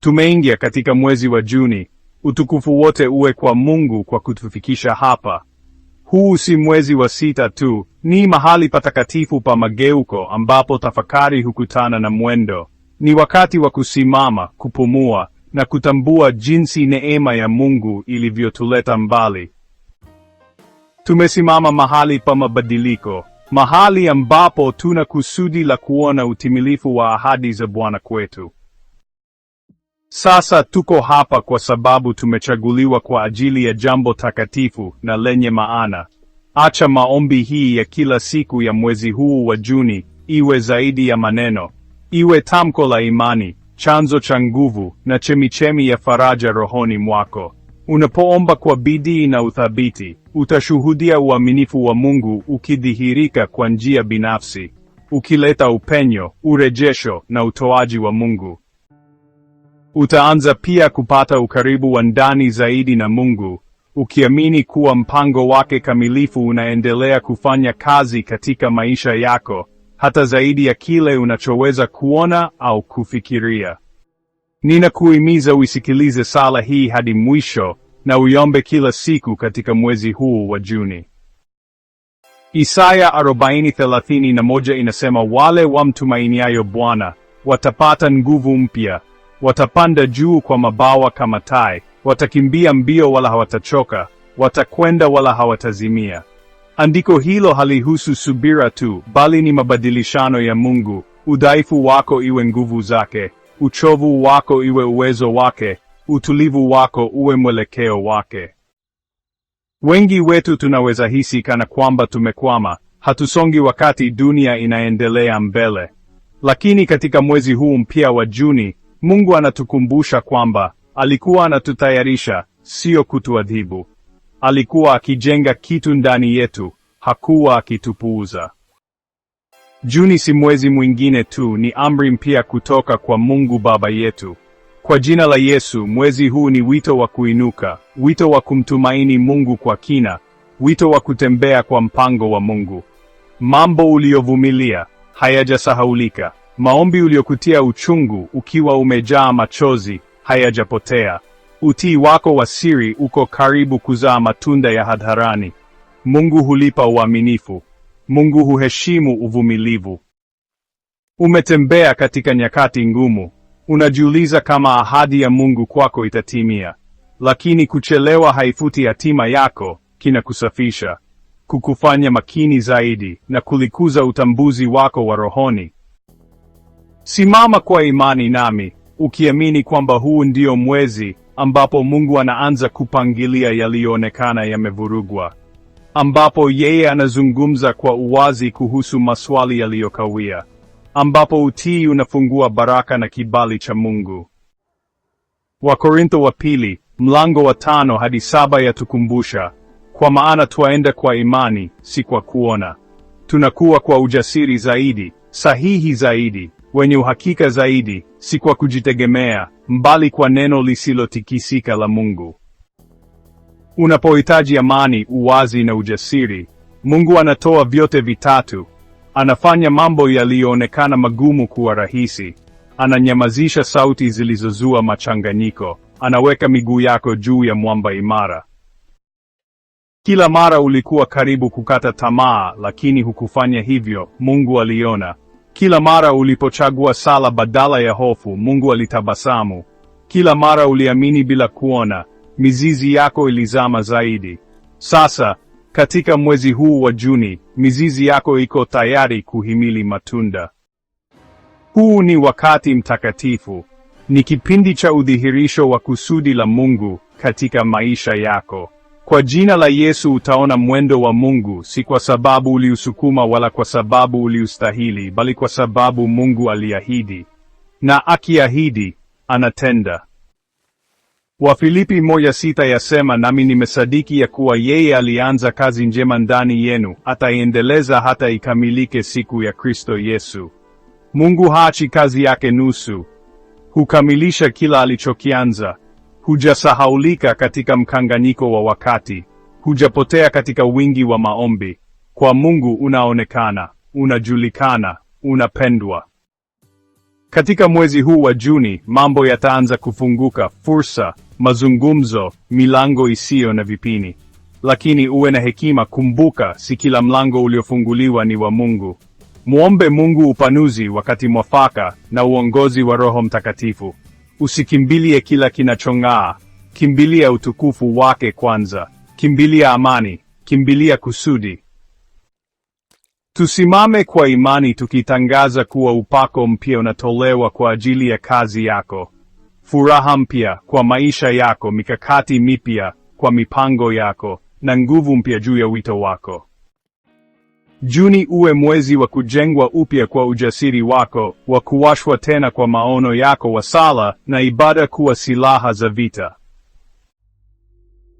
Tumeingia katika mwezi wa Juni. Utukufu wote uwe kwa Mungu kwa kutufikisha hapa. Huu si mwezi wa sita tu, ni mahali patakatifu pa mageuko ambapo tafakari hukutana na mwendo. Ni wakati wa kusimama, kupumua na kutambua jinsi neema ya Mungu ilivyotuleta mbali. Tumesimama mahali pa mabadiliko, mahali ambapo tuna kusudi la kuona utimilifu wa ahadi za Bwana kwetu. Sasa tuko hapa kwa sababu tumechaguliwa kwa ajili ya jambo takatifu na lenye maana. Acha maombi hii ya kila siku ya mwezi huu wa Juni iwe zaidi ya maneno, iwe tamko la imani, chanzo cha nguvu na chemichemi ya faraja rohoni mwako. Unapoomba kwa bidii na uthabiti, utashuhudia uaminifu wa Mungu ukidhihirika kwa njia binafsi, ukileta upenyo, urejesho na utoaji wa Mungu. Utaanza pia kupata ukaribu wa ndani zaidi na Mungu, ukiamini kuwa mpango wake kamilifu unaendelea kufanya kazi katika maisha yako, hata zaidi ya kile unachoweza kuona au kufikiria. Ninakuhimiza uisikilize sala hii hadi mwisho na uiombe kila siku katika mwezi huu wa Juni. Isaya 40:31 inasema, wale wamtumainiayo Bwana watapata nguvu mpya Watapanda juu kwa mabawa kama tai, watakimbia mbio wala hawatachoka, watakwenda wala hawatazimia. Andiko hilo halihusu subira tu, bali ni mabadilishano ya Mungu. Udhaifu wako iwe nguvu zake, uchovu wako iwe uwezo wake, utulivu wako uwe mwelekeo wake. Wengi wetu tunaweza hisi kana kwamba tumekwama, hatusongi wakati dunia inaendelea mbele. Lakini katika mwezi huu mpya wa Juni Mungu anatukumbusha kwamba alikuwa anatutayarisha, sio kutuadhibu. Alikuwa akijenga kitu ndani yetu, hakuwa akitupuuza. Juni si mwezi mwingine tu, ni amri mpya kutoka kwa Mungu Baba yetu. Kwa jina la Yesu, mwezi huu ni wito wa kuinuka, wito wa kumtumaini Mungu kwa kina, wito wa kutembea kwa mpango wa Mungu. Mambo uliyovumilia hayajasahaulika. Maombi uliokutia uchungu ukiwa umejaa machozi hayajapotea. Utii wako wa siri uko karibu kuzaa matunda ya hadharani. Mungu hulipa uaminifu. Mungu huheshimu uvumilivu. Umetembea katika nyakati ngumu. Unajiuliza kama ahadi ya Mungu kwako itatimia. Lakini kuchelewa haifuti hatima yako, kinakusafisha, kukufanya makini zaidi na kulikuza utambuzi wako wa rohoni. Simama kwa imani nami, ukiamini kwamba huu ndio mwezi ambapo Mungu anaanza kupangilia yaliyoonekana yamevurugwa, ambapo yeye anazungumza kwa uwazi kuhusu maswali yaliyokawia, ambapo utii unafungua baraka na kibali cha Mungu. Wakorintho wa pili mlango wa tano hadi saba yatukumbusha, kwa maana twaenda kwa imani, si kwa kuona. Tunakuwa kwa ujasiri zaidi, sahihi zaidi, wenye uhakika zaidi, si kwa kujitegemea, mbali kwa neno lisilotikisika la Mungu. Unapohitaji amani, uwazi na ujasiri, Mungu anatoa vyote vitatu. Anafanya mambo yaliyoonekana magumu kuwa rahisi. Ananyamazisha sauti zilizozua machanganyiko. Anaweka miguu yako juu ya mwamba imara. Kila mara ulikuwa karibu kukata tamaa, lakini hukufanya hivyo. Mungu aliona. Kila mara ulipochagua sala badala ya hofu, Mungu alitabasamu. Kila mara uliamini bila kuona, mizizi yako ilizama zaidi. Sasa katika mwezi huu wa Juni, mizizi yako iko tayari kuhimili matunda. Huu ni wakati mtakatifu, ni kipindi cha udhihirisho wa kusudi la Mungu katika maisha yako. Kwa jina la Yesu utaona mwendo wa Mungu, si kwa sababu uliusukuma wala kwa sababu uliustahili, bali kwa sababu Mungu aliahidi, na akiahidi anatenda. Wafilipi moja sita yasema, nami nimesadiki ya kuwa yeye alianza kazi njema ndani yenu ataiendeleza hata ikamilike siku ya Kristo Yesu. Mungu haachi kazi yake nusu, hukamilisha kila alichokianza. Hujasahaulika katika mkanganyiko wa wakati, hujapotea katika wingi wa maombi. Kwa Mungu unaonekana, unajulikana, unapendwa. Katika mwezi huu wa Juni, mambo yataanza kufunguka: fursa, mazungumzo, milango isiyo na vipini. Lakini uwe na hekima. Kumbuka, si kila mlango uliofunguliwa ni wa Mungu. Muombe Mungu upanuzi, wakati mwafaka na uongozi wa Roho Mtakatifu. Usikimbilie kila kinachong'aa, kimbilia utukufu wake kwanza, kimbilia amani, kimbilia kusudi. Tusimame kwa imani tukitangaza kuwa upako mpya unatolewa kwa ajili ya kazi yako, furaha mpya kwa maisha yako, mikakati mipya kwa mipango yako, na nguvu mpya juu ya wito wako. Juni uwe mwezi wa kujengwa upya kwa ujasiri wako, wa kuwashwa tena kwa maono yako, wa sala na ibada kuwa silaha za vita.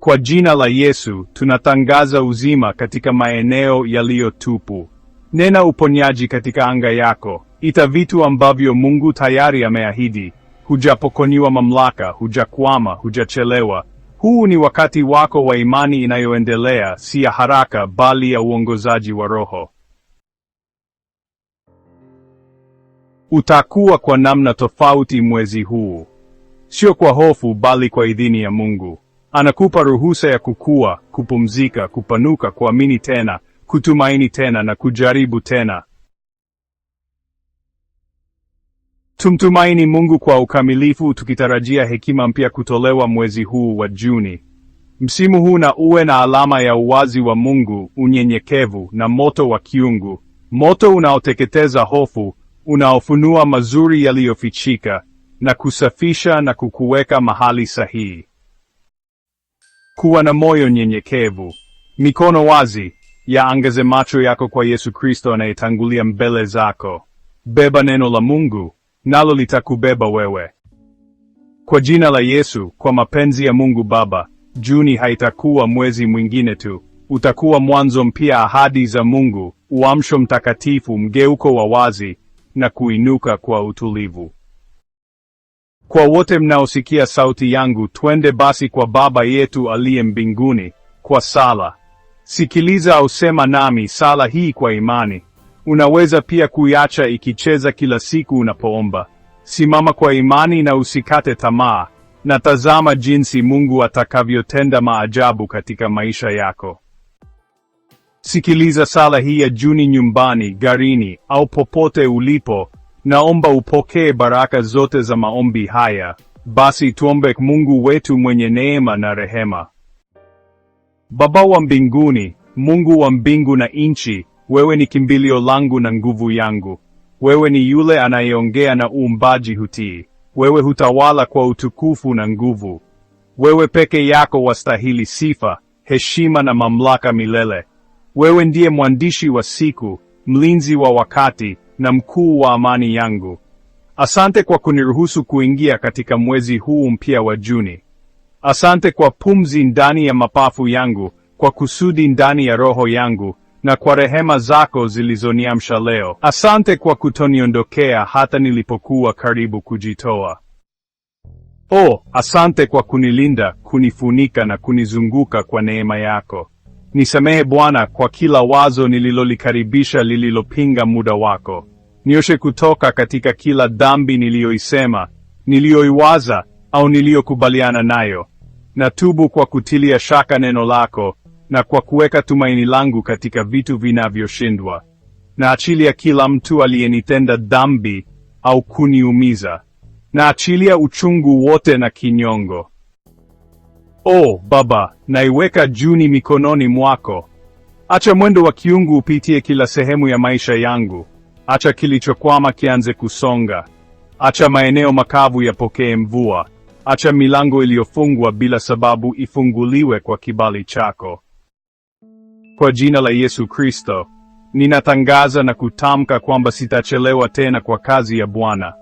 Kwa jina la Yesu tunatangaza uzima katika maeneo yaliyotupu. Nena uponyaji katika anga yako, ita vitu ambavyo Mungu tayari ameahidi. hujapokoniwa mamlaka, hujakwama, hujachelewa. Huu ni wakati wako wa imani inayoendelea, si ya haraka, bali ya uongozaji wa Roho. Utakuwa kwa namna tofauti mwezi huu, sio kwa hofu, bali kwa idhini ya Mungu. Anakupa ruhusa ya kukua, kupumzika, kupanuka, kuamini tena, kutumaini tena na kujaribu tena. Tumtumaini Mungu kwa ukamilifu, tukitarajia hekima mpya kutolewa mwezi huu wa Juni. Msimu huu na uwe na alama ya uwazi wa Mungu, unyenyekevu na moto wa kiungu, moto unaoteketeza hofu, unaofunua mazuri yaliyofichika na kusafisha na kukuweka mahali sahihi. Kuwa na moyo nyenyekevu, mikono wazi, yaangeze macho yako kwa Yesu Kristo anayetangulia mbele zako. Beba neno la Mungu, nalo litakubeba wewe. Kwa jina la Yesu, kwa mapenzi ya Mungu Baba, Juni haitakuwa mwezi mwingine tu, utakuwa mwanzo mpya, ahadi za Mungu, uamsho mtakatifu, mgeuko wa wazi na kuinuka kwa utulivu. Kwa wote mnaosikia sauti yangu, twende basi kwa Baba yetu aliye mbinguni kwa sala. Sikiliza au sema nami sala hii kwa imani. Unaweza pia kuiacha ikicheza kila siku unapoomba. Simama kwa imani na usikate tamaa, na tazama jinsi Mungu atakavyotenda maajabu katika maisha yako. Sikiliza sala hii ya Juni nyumbani, garini au popote ulipo. Naomba upokee baraka zote za maombi haya. Basi tuombe Mungu wetu mwenye neema na rehema. Baba wa mbinguni, Mungu wa mbingu na nchi, wewe ni kimbilio langu na nguvu yangu. Wewe ni yule anayeongea na uumbaji hutii. Wewe hutawala kwa utukufu na nguvu. Wewe peke yako wastahili sifa, heshima na mamlaka milele. Wewe ndiye mwandishi wa siku, mlinzi wa wakati na mkuu wa amani yangu. Asante kwa kuniruhusu kuingia katika mwezi huu mpya wa Juni. Asante kwa pumzi ndani ya mapafu yangu, kwa kusudi ndani ya roho yangu na kwa rehema zako zilizoniamsha leo. Asante kwa kutoniondokea hata nilipokuwa karibu kujitoa. O, asante kwa kunilinda, kunifunika na kunizunguka kwa neema yako. Nisamehe Bwana kwa kila wazo nililolikaribisha lililopinga muda wako. Nioshe kutoka katika kila dhambi niliyoisema, niliyoiwaza au niliyokubaliana nayo. Natubu kwa kutilia shaka neno lako na kwa kuweka tumaini langu katika vitu vinavyoshindwa. Na achilia kila mtu aliyenitenda dhambi au kuniumiza. Na achilia uchungu wote na kinyongo. O Baba, naiweka Juni mikononi mwako. Acha mwendo wa kiungu upitie kila sehemu ya maisha yangu. Acha kilichokwama kianze kusonga. Acha maeneo makavu yapokee mvua. Acha milango iliyofungwa bila sababu ifunguliwe kwa kibali chako. Kwa jina la Yesu Kristo, ninatangaza na kutamka kwamba sitachelewa tena kwa kazi ya Bwana.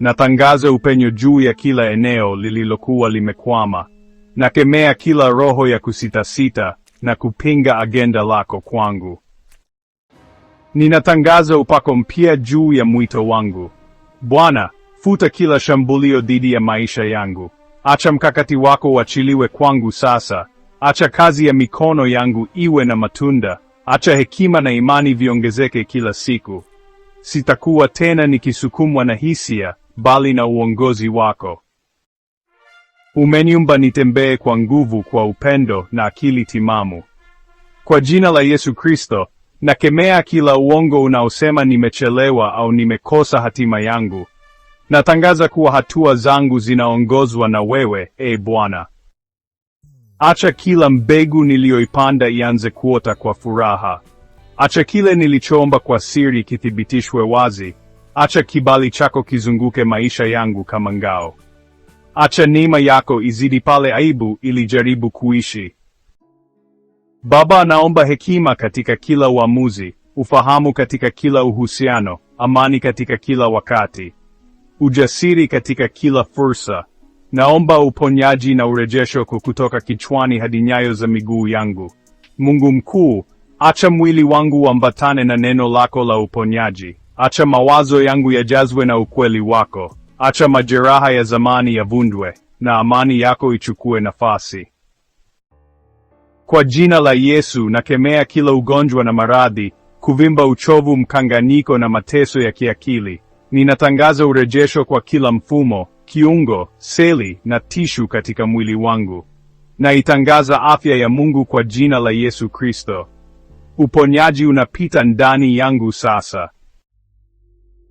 Natangaza upenyo juu ya kila eneo lililokuwa limekwama. Nakemea kila roho ya kusitasita na kupinga agenda lako kwangu. Ninatangaza upako mpya juu ya mwito wangu. Bwana, futa kila shambulio dhidi ya maisha yangu. Acha mkakati wako uachiliwe kwangu sasa. Acha kazi ya mikono yangu iwe na matunda. Acha hekima na imani viongezeke kila siku. Sitakuwa tena nikisukumwa na hisia, bali na uongozi wako. Umeniumba nitembee kwa nguvu, kwa upendo na akili timamu. Kwa jina la Yesu Kristo, nakemea kila uongo unaosema nimechelewa au nimekosa hatima yangu. Natangaza kuwa hatua zangu zinaongozwa na wewe, e Bwana. Acha kila mbegu niliyoipanda ianze kuota kwa furaha. Acha kile nilichoomba kwa siri kithibitishwe wazi. Acha kibali chako kizunguke maisha yangu kama ngao. Acha neema yako izidi pale aibu ilijaribu kuishi. Baba anaomba hekima katika kila uamuzi, ufahamu katika kila uhusiano, amani katika kila wakati, ujasiri katika kila fursa, Naomba uponyaji na urejesho kutoka kichwani hadi nyayo za miguu yangu. Mungu mkuu, acha mwili wangu uambatane na neno lako la uponyaji. Acha mawazo yangu yajazwe na ukweli wako. Acha majeraha ya zamani yavundwe na amani yako ichukue nafasi. Kwa jina la Yesu nakemea kila ugonjwa na maradhi, kuvimba, uchovu, mkanganyiko na mateso ya kiakili. Ninatangaza urejesho kwa kila mfumo, kiungo, seli na tishu katika mwili wangu. Naitangaza afya ya Mungu kwa jina la Yesu Kristo. Uponyaji unapita ndani yangu sasa.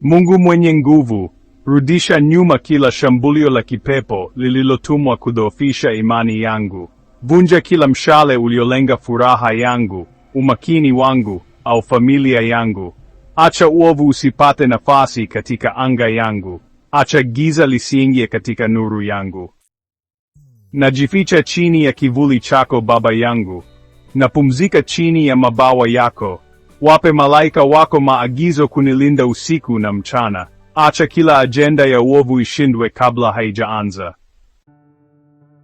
Mungu mwenye nguvu, rudisha nyuma kila shambulio la kipepo lililotumwa kudhoofisha imani yangu. Vunja kila mshale uliolenga furaha yangu, umakini wangu au familia yangu. Acha uovu usipate nafasi katika anga yangu acha giza lisiingie katika nuru yangu. Najificha chini ya kivuli chako Baba yangu, napumzika chini ya mabawa yako. Wape malaika wako maagizo kunilinda usiku na mchana. Acha kila ajenda ya uovu ishindwe kabla haijaanza.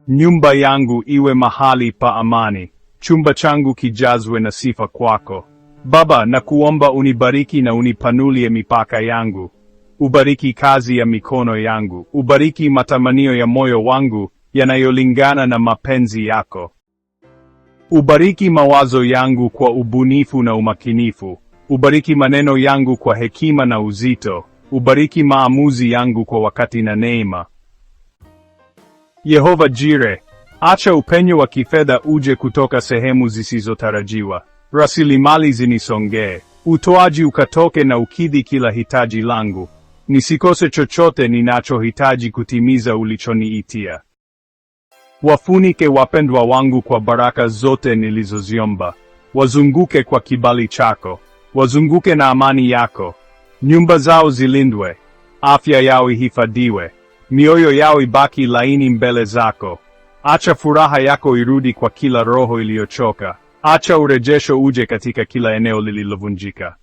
Nyumba yangu iwe mahali pa amani, chumba changu kijazwe na sifa kwako Baba. Nakuomba unibariki na unipanulie mipaka yangu ubariki kazi ya mikono yangu, ubariki matamanio ya moyo wangu yanayolingana na mapenzi yako. Ubariki mawazo yangu kwa ubunifu na umakinifu, ubariki maneno yangu kwa hekima na uzito, ubariki maamuzi yangu kwa wakati na neema. Yehova Jire, acha upenyo wa kifedha uje kutoka sehemu zisizotarajiwa, rasilimali zinisongee, utoaji ukatoke na ukidhi kila hitaji langu nisikose chochote ninachohitaji kutimiza ulichoniitia. Wafunike wapendwa wangu kwa baraka zote nilizoziomba, wazunguke kwa kibali chako, wazunguke na amani yako. Nyumba zao zilindwe, afya yao ihifadhiwe, mioyo yao ibaki laini mbele zako. Acha furaha yako irudi kwa kila roho iliyochoka, acha urejesho uje katika kila eneo lililovunjika.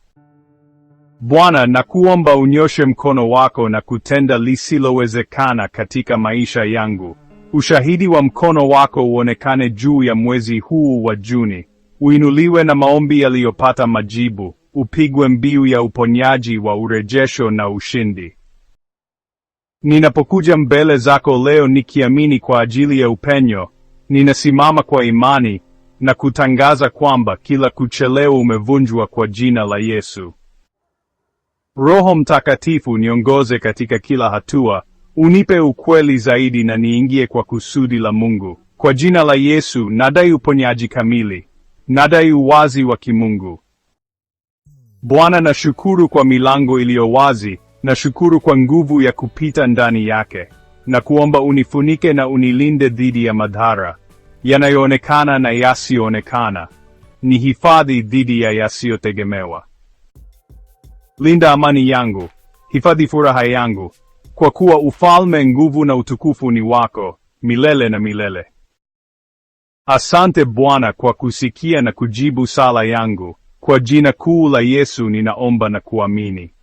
Bwana, nakuomba unyoshe mkono wako na kutenda lisilowezekana katika maisha yangu. Ushahidi wa mkono wako uonekane juu ya mwezi huu wa Juni. Uinuliwe na maombi yaliyopata majibu, upigwe mbiu ya uponyaji wa urejesho na ushindi. Ninapokuja mbele zako leo nikiamini kwa ajili ya upenyo, ninasimama kwa imani na kutangaza kwamba kila kuchelewa umevunjwa kwa jina la Yesu. Roho Mtakatifu, niongoze katika kila hatua, unipe ukweli zaidi na niingie kwa kusudi la Mungu. Kwa jina la Yesu, nadai uponyaji kamili, nadai uwazi wa kimungu. Bwana, nashukuru kwa milango iliyo wazi, nashukuru kwa nguvu ya kupita ndani yake, na kuomba unifunike na unilinde dhidi ya madhara yanayoonekana na yasiyoonekana, nihifadhi dhidi ya yasiyotegemewa. Linda amani yangu, hifadhi furaha yangu, kwa kuwa ufalme, nguvu na utukufu ni wako milele na milele. Asante Bwana kwa kusikia na kujibu sala yangu. Kwa jina kuu la Yesu ninaomba na kuamini.